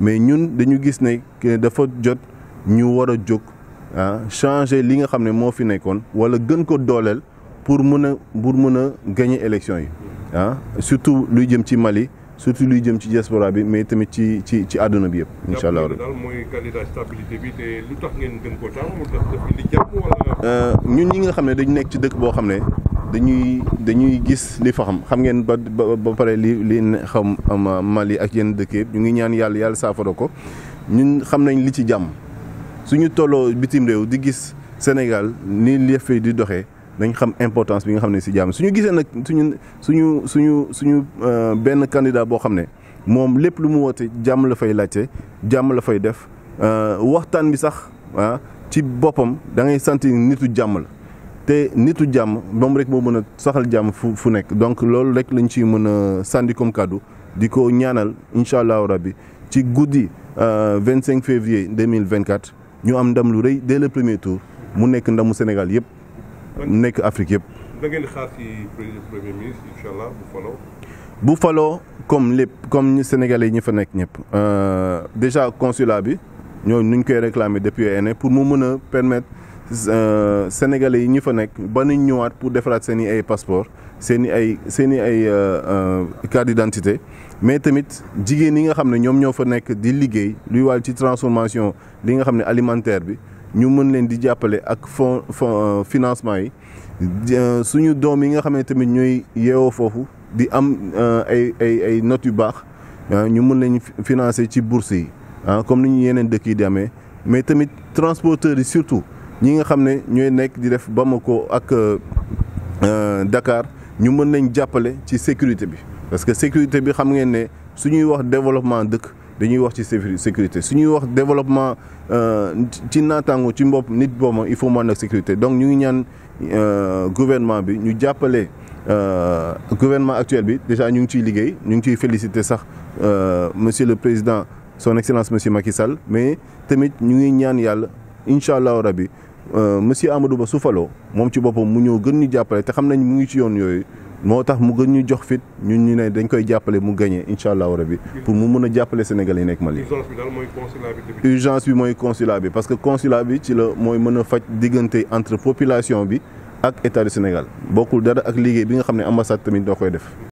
mais ñun dañu gis ne dafa jot ñu war a jóg ah changer li nga xam ne moo fi nekkoon wala gën ko dooleel pour mën a pour mën a gagner élection yi ah surtout luy jëm ci Mali surtout luy jëm ci diaspora bi mais tamit ci ci ci àdduna bi yëpp. incha allah daal euh, ñun ñi nga xam ne dañu nekk ci dëkk boo xam ne. dañuy dañuy gis li fa xam xam ngeen ba ba pare li li xam Mali ak yenn dëkkee yëpp ñu ngi ñaan yàlla yàlla saafara ko ñun xam nañ li ci jàmm suñu tolloo bitim réew di gis Sénégal ni yëf yi di doxee dañ xam importance bi nga xam ne si jàmm suñu gisee nag suñu suñu suñu suñu euh, benn candidat boo xam ne moom lépp lu mu woote jàmm fay laajte jàmm fay def euh, waxtaan bi sax ah ci boppam da ngay nitu jàmm la. te nitu jàmm moom rek moo mën a saxal jàmm fu fu nekk donc loolu rek lañ ciy mën a sànni comme kàddu di ko ñaanal incha allahu rabbi ci guddi 25 euh, février 2024 ñu am ndam lu rëy dès le premier tour mu nekk ndamu Sénégal yëpp. mu nekk Afrique yëpp. da ngeen xaar ci premier comme lépp comme ñu sénégalais ñu fa nekk ñëpp euh, déjà consulat bi ñooñu nuñ koy réclamer depuis ay pour mu mën a permettre. Euh, sénégalais yi ñu fa nekk ba ñu ñëwaat pour defaraat seen i ay passeport seen i ay seen i ay euh, carte d'identité mais tamit jigéen yi nga xam ne ñoom ñoo fa nekk di liggéey luy wàll ci transformation li nga xam ne alimentaire bi ñu mën leen di jàppale ak fond fond euh, financement yi suñu doom yi nga xam ne tamit ñuy yeewoo foofu di am ay ay ay notes yu baax ñu mën leen financer ci bourse yi ah comme ni ñu yeneen dëkk yi di amee mais tamit transporteurs yi surtout ñi nga xam ne ñooy nekk di def ko ak euh, euh, Dakar ñu mën nañ jàppale ci sécurité bi parce que sécurité bi xam ngeen ne su ñuy wax développement dëkk dañuy wax ci sécurité su ñuy wax développement euh, ci naataango ci mbopp nit booma il faut mu ànd ak sécurité donc ñu ngi ñaan gouvernement bi ñu jàppale gouvernement actuel bi déjà ñu ngi ciy liggéey ñu ngi ciy félicité sax monsieur le président son excellence monsieur Macky Sall mais tamit ñu ngi ñaan yàlla. incha allahu rabi euh, monsieur Amadou Ba su moom ci boppam mu ñëw gën ñu jàppale te xam nañ mu ngi ci yoon yooyu moo tax mu gën ñu jox fit ñu ñu ne dañ koy jàppale mu gañee incha allahu rabi pour mu mën a jàppale Sénégal yi nekk ma urgence bi daal bi. urgence bi mooy consulat bi parce que consulat bi ci la mooy mën a faj diggante entre population bi ak état du Sénégal bokkul dara ak liggéey bi nga xam ne ambassade tamit doo koy def.